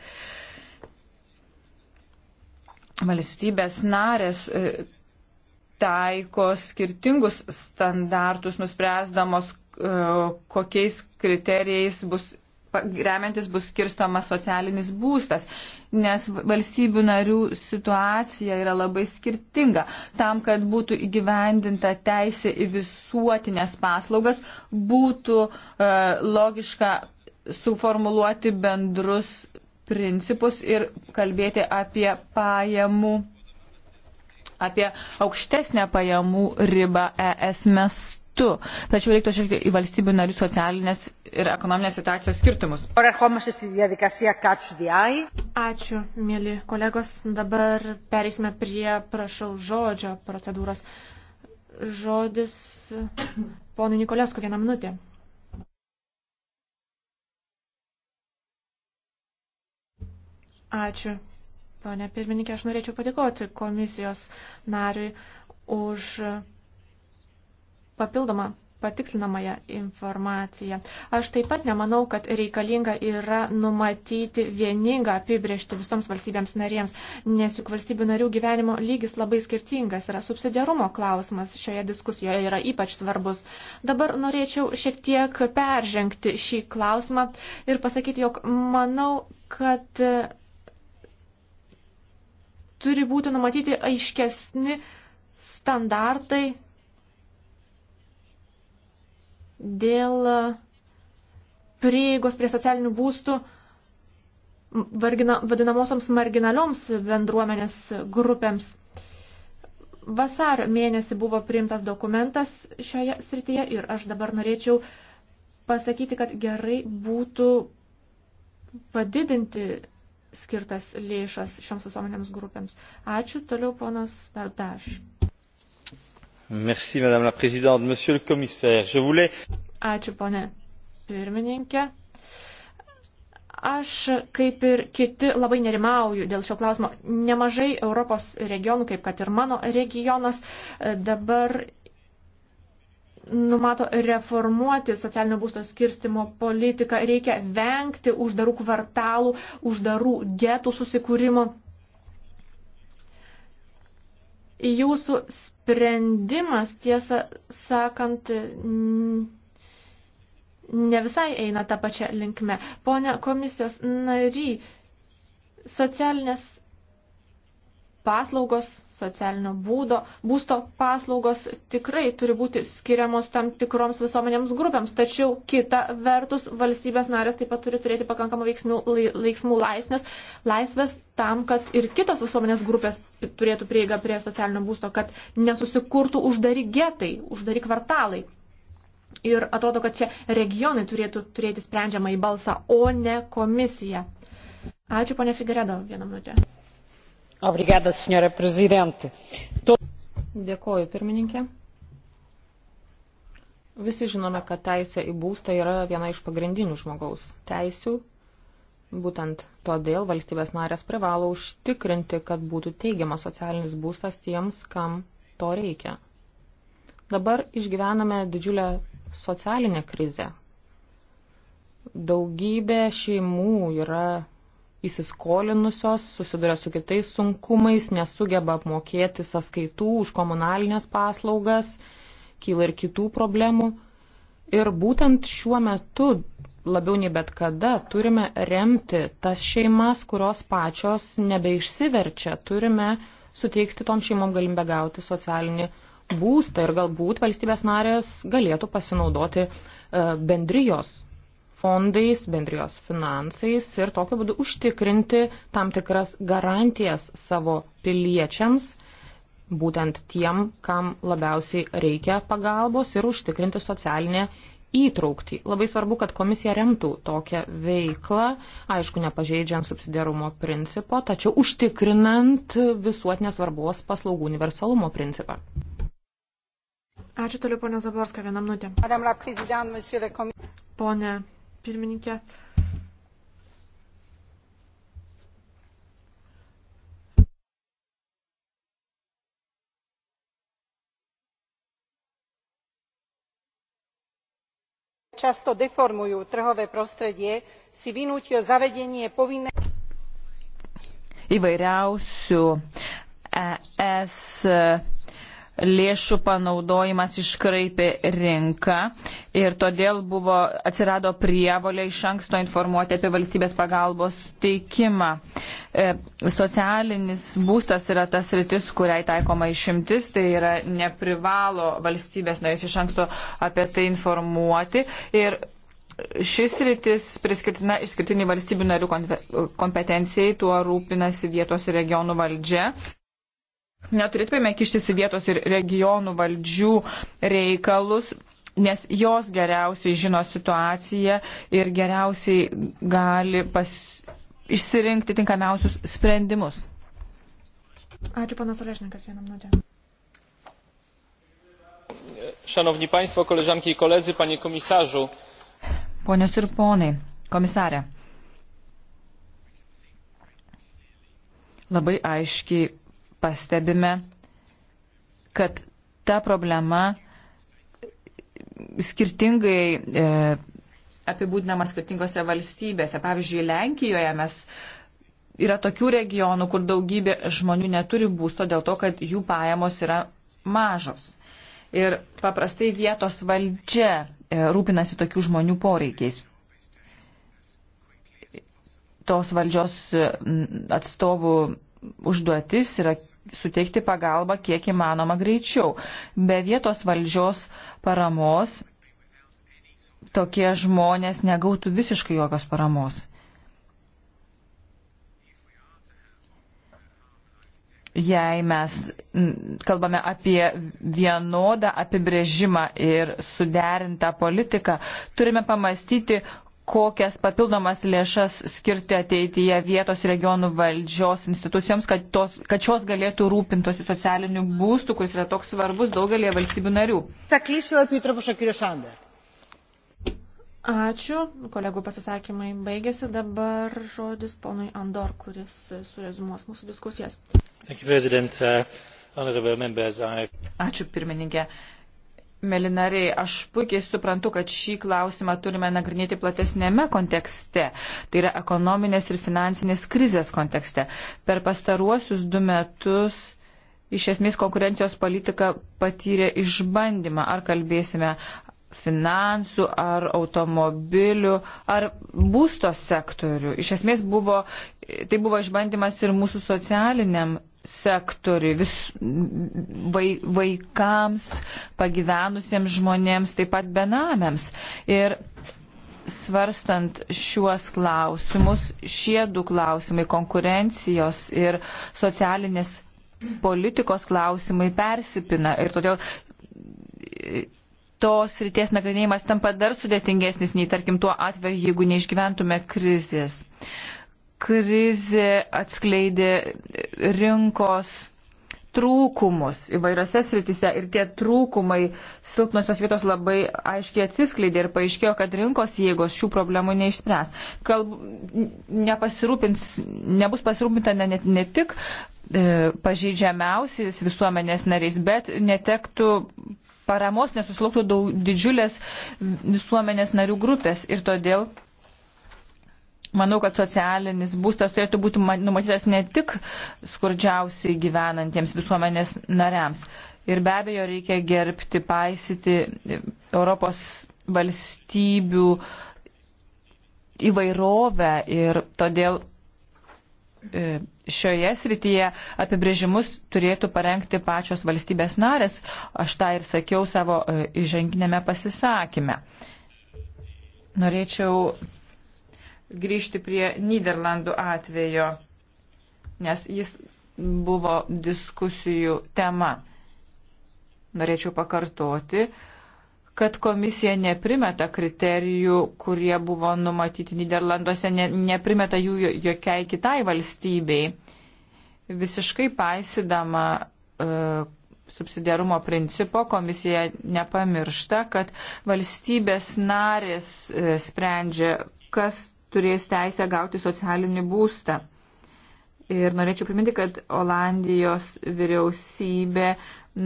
S1: valstybės narės e, taiko skirtingus standartus, nuspręsdamos, e, kokiais kriterijais bus remiantis bus skirstomas socialinis būstas, nes valstybių narių situacija yra labai skirtinga. Tam, kad būtų įgyvendinta teisė į visuotinės paslaugas, būtų e, logiška suformuluoti bendrus principus ir kalbėti apie pajamų, apie aukštesnę pajamų ribą ES mestu. Tačiau reiktų žiūrėti į valstybių narių socialinės ir ekonominės situacijos skirtumus.
S2: Ačiū, mėly kolegos. Dabar pereisime prie prašau žodžio procedūros. Žodis ponui Nikolėsku vieną minutę. Ačiū, ponė pirmininkė. Aš norėčiau padėkoti komisijos nariui už papildomą patikslinamąją informaciją. Aš taip pat nemanau, kad reikalinga yra numatyti vieningą apibriežti visoms valstybėms narėms, nes juk valstybių narių gyvenimo lygis labai skirtingas yra. Subsidiarumo klausimas šioje diskusijoje yra ypač svarbus. Dabar norėčiau šiek tiek peržengti šį klausimą ir pasakyti, jog manau, kad turi būti numatyti aiškesni standartai dėl prieigos prie socialinių būstų vargina, vadinamosioms marginalioms bendruomenės grupėms. Vasario mėnesį buvo priimtas dokumentas šioje srityje ir aš dabar norėčiau pasakyti, kad gerai būtų padidinti skirtas lėšas šioms visuomenėms grupėms. Ačiū. Toliau ponas Dardaš.
S3: Merci, madame la présidente, monsieur le commissaire. Je voulais.
S2: Ačiū, ponė pirmininkė. Aš, kaip ir kiti, labai nerimauju dėl šio klausimo. Nemažai Europos regionų, kaip kad ir mano regionas, dabar numato reformuoti socialinio būsto skirstimo politiką, reikia vengti uždarų kvartalų, uždarų getų susikūrimo. Jūsų sprendimas, tiesą sakant, ne visai eina tą pačią linkmę. Pone komisijos nary, socialinės paslaugos, socialinio būdo, būsto paslaugos tikrai turi būti skiriamos tam tikroms visuomenėms grupėms, tačiau kita vertus valstybės narės taip pat turi turėti pakankamą veiksmų, veiksmų laisvės, laisvės tam, kad ir kitos visuomenės grupės turėtų prieigą prie socialinio būsto, kad nesusikurtų uždari getai, uždari kvartalai. Ir atrodo, kad čia regionai turėtų turėti sprendžiamą į balsą, o ne komisija. Ačiū, ponė Figaredo, vieną minutę.
S3: Obrigada, senhora prezidente.
S2: To... Dėkoju, pirmininkė.
S3: Visi žinome, kad teisė į būstą yra viena iš pagrindinių žmogaus teisių. Būtent todėl valstybės narės privalo užtikrinti, kad būtų teigiamas socialinis būstas tiems, kam to reikia. Dabar išgyvename didžiulę socialinę krizę. Daugybė šeimų yra įsiskolinusios, susiduria su kitais sunkumais, nesugeba apmokėti sąskaitų už komunalinės paslaugas, kyla ir kitų problemų. Ir būtent šiuo metu labiau nei bet kada turime remti tas šeimas, kurios pačios nebeišsiverčia. Turime suteikti tom šeimom galimybę gauti socialinį būstą ir galbūt valstybės narės galėtų pasinaudoti e, bendrijos fondais, bendrijos finansais ir tokiu būdu užtikrinti tam tikras garantijas savo piliečiams, būtent tiem, kam labiausiai reikia pagalbos ir užtikrinti socialinę įtraukti. Labai svarbu, kad komisija remtų tokią veiklą, aišku, nepažeidžiant subsidiarumo principo, tačiau užtikrinant visuotinės svarbos paslaugų universalumo principą.
S2: Ačiū toliau, ponia Zaborska, vieną minutę. Pone pirmininkė.
S1: často deformujú trhové prostredie si vynútil zavedenie povinnej įvairiausių es lėšų panaudojimas iškraipė rinką ir todėl buvo, atsirado prievolė iš anksto informuoti apie valstybės pagalbos teikimą. E, socialinis būstas yra tas rytis, kuriai taikoma išimtis, tai yra neprivalo valstybės narės iš anksto apie tai informuoti. Ir Šis rytis priskirtina išskirtiniai valstybių narių kompetencijai, tuo rūpinasi vietos ir regionų valdžia. Neturėtume kištis į vietos ir regionų valdžių reikalus, nes jos geriausiai žino situaciją ir geriausiai gali pas, išsirinkti tinkamiausius sprendimus.
S2: Ačiū, panas Olešnikas, vienam nuodėm.
S3: Szanowni Państwo, koleżanki i koledzy, panie komisarzu.
S1: Ponios ir ponai, komisarė. Labai aiškiai pastebime, kad ta problema skirtingai e, apibūdinama skirtingose valstybėse. Pavyzdžiui, Lenkijoje mes yra tokių regionų, kur daugybė žmonių neturi būsto dėl to, kad jų pajamos yra mažos. Ir paprastai vietos valdžia e, rūpinasi tokių žmonių poreikiais. Tos valdžios atstovų užduotis yra suteikti pagalbą kiek įmanoma greičiau. Be vietos valdžios paramos tokie žmonės negautų visiškai jokios paramos. Jei mes kalbame apie vienodą apibrėžimą ir suderintą politiką, turime pamastyti, kokias papildomas lėšas skirti ateityje vietos regionų valdžios institucijoms, kad, tos, kad šios galėtų rūpintosi socialiniu būstu, kuris yra toks svarbus daugelie valstybių narių.
S2: Ačiū, kolegų pasisakymai baigėsi. Dabar žodis ponui Andor, kuris surezumuos mūsų diskusijas.
S1: You, uh, Ačiū, pirmininkė.
S2: Melinariai, aš
S1: puikiai suprantu, kad šį klausimą turime nagrinėti platesnėme kontekste, tai yra ekonominės ir finansinės krizės kontekste. Per pastaruosius du metus iš esmės konkurencijos politika patyrė išbandymą, ar kalbėsime finansų ar automobilių ar būsto sektorių. Iš esmės buvo, tai buvo išbandymas ir mūsų socialiniam sektoriui, vis, vai, vaikams, pagyvenusiems žmonėms, taip pat benamiams. Ir svarstant šiuos klausimus, šie du klausimai - konkurencijos ir socialinės politikos klausimai persipina. Ir todėl tos ryties nagrinėjimas tampa dar sudėtingesnis nei, tarkim, tuo atveju, jeigu neišgyventume krizės. Uh, krizė atskleidė rinkos trūkumus įvairiose sritise ir tie trūkumai silpnosios vietos labai aiškiai atsiskleidė ir paaiškėjo, kad rinkos jėgos šių problemų neišspręs. Kalb, nebus pasirūpinta ne, ne, ne tik e, pažeidžiamiausiais visuomenės nariais, bet netektų paramos, nesusilauktų daug didžiulės visuomenės narių grupės ir todėl manau, kad socialinis būstas turėtų būti numatytas ne tik skurdžiausiai gyvenantiems visuomenės nariams. Ir be abejo reikia gerbti, paisyti Europos valstybių įvairovę ir todėl e, šioje srityje apibrėžimus turėtų parengti pačios valstybės narės. Aš tą ir sakiau savo e, įženginėme pasisakymę. Norėčiau grįžti prie Niderlandų atvejo, nes jis buvo diskusijų tema. Norėčiau pakartoti, kad komisija neprimeta kriterijų, kurie buvo numatyti Niderlanduose, ne, neprimeta jų jokiai kitai valstybei, visiškai paisydama e, subsidiarumo principo komisija nepamiršta, kad valstybės narės e, sprendžia, kas turės teisę gauti socialinį būstą. Ir norėčiau priminti, kad Olandijos vyriausybė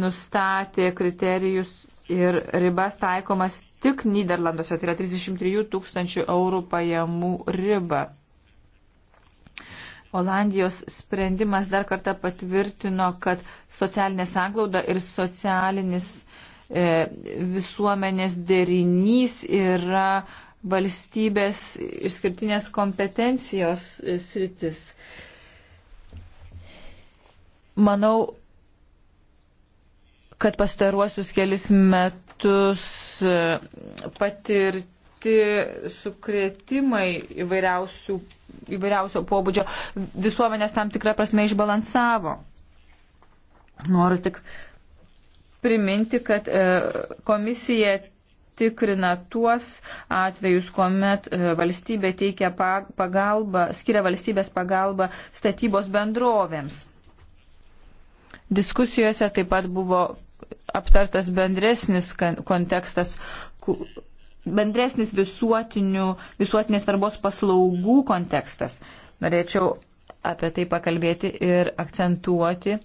S1: nustatė kriterijus ir ribas taikomas tik Niderlanduose, tai yra 33 tūkstančių eurų pajamų riba. Olandijos sprendimas dar kartą patvirtino, kad socialinė sanglauda ir socialinis e, visuomenės derinys yra e, valstybės išskirtinės kompetencijos sritis. Manau, kad pastaruosius kelis metus patirti sukretimai įvairiausių, įvairiausio pobūdžio visuomenės tam tikrą prasme išbalansavo. Noriu tik priminti, kad e, komisija tikrina tuos atvejus, kuomet e, valstybė teikia pagalbą, skiria valstybės pagalbą statybos bendrovėms. Diskusijose taip pat buvo aptartas bendresnis kontekstas, bendresnis visuotinės svarbos paslaugų kontekstas. Norėčiau apie tai pakalbėti ir akcentuoti,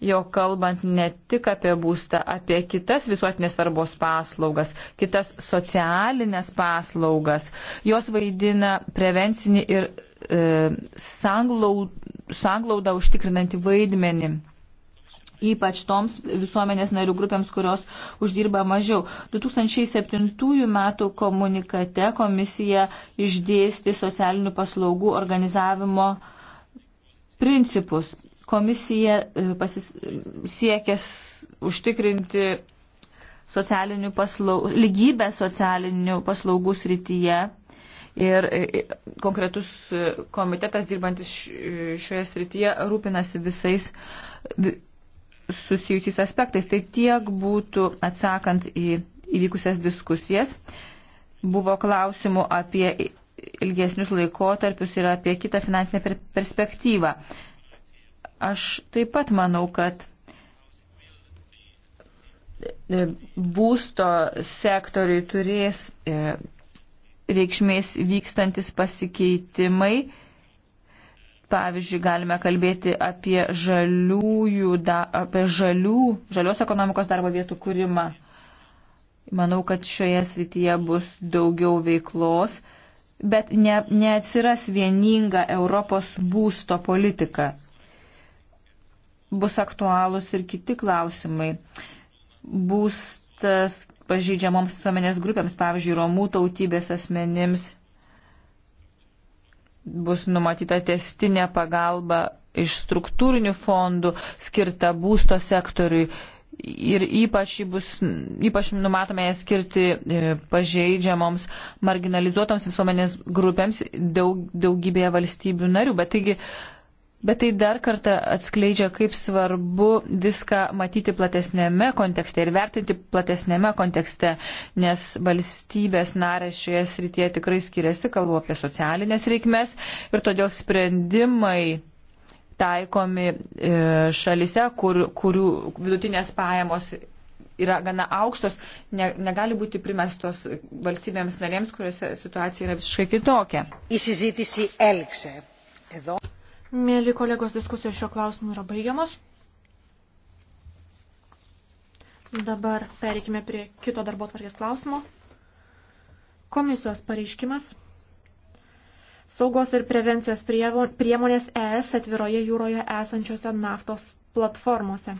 S1: jo kalbant ne tik apie būstą, apie kitas visuotinės svarbos paslaugas, kitas socialinės paslaugas. Jos vaidina prevencinį ir e, sanglau, sanglaudą užtikrinantį vaidmenį. Ypač toms visuomenės narių grupėms, kurios uždirba mažiau. 2007 m. komunikate komisija išdėsti socialinių paslaugų organizavimo principus Komisija e, pasis, siekės užtikrinti socialinių paslaugų, lygybę socialinių paslaugų srityje. Ir e, e, konkretus komitetas dirbantis šioje srityje rūpinasi visais susijusiais aspektais. Tai tiek būtų atsakant į įvykusias diskusijas. Buvo klausimų apie ilgesnius laikotarpius ir apie kitą finansinę perspektyvą. Aš taip pat manau, kad e, būsto sektoriui turės e, reikšmės vykstantis pasikeitimai. Pavyzdžiui, galime kalbėti apie, žaliųjų, da, apie žalių, žalios ekonomikos darbo vietų kūrimą. Manau, kad šioje srityje bus daugiau veiklos, bet ne, neatsiras vieninga Europos būsto politika bus aktualūs ir kiti klausimai. Būstas pažydžiamoms visuomenės grupėms, pavyzdžiui, romų tautybės asmenims bus numatyta testinė pagalba iš struktūrinių fondų skirta būsto sektoriui ir ypač, bus, ypač numatome skirti e, pažeidžiamoms, marginalizuotoms visuomenės grupėms daug, daugybėje valstybių narių. Bet taigi bet tai dar kartą atskleidžia, kaip svarbu viską matyti platesnėme kontekste ir vertinti platesnėme kontekste, nes valstybės narės šioje srityje tikrai skiriasi, kalbu apie socialinės reikmes ir todėl sprendimai taikomi e, šalise, kur, kurių vidutinės pajamos yra gana aukštos, ne, negali būti primestos valstybėms narėms, kuriuose situacija yra visiškai kitokia. Įsizytysi
S3: Elkse. Edo.
S2: Mėly kolegos, diskusijos šiuo klausimu yra baigiamos. Dabar pereikime prie kito darbo tvarkės klausimo. Komisijos pareiškimas. Saugos ir prevencijos priemonės ES atviroje jūroje esančiose naftos platformose.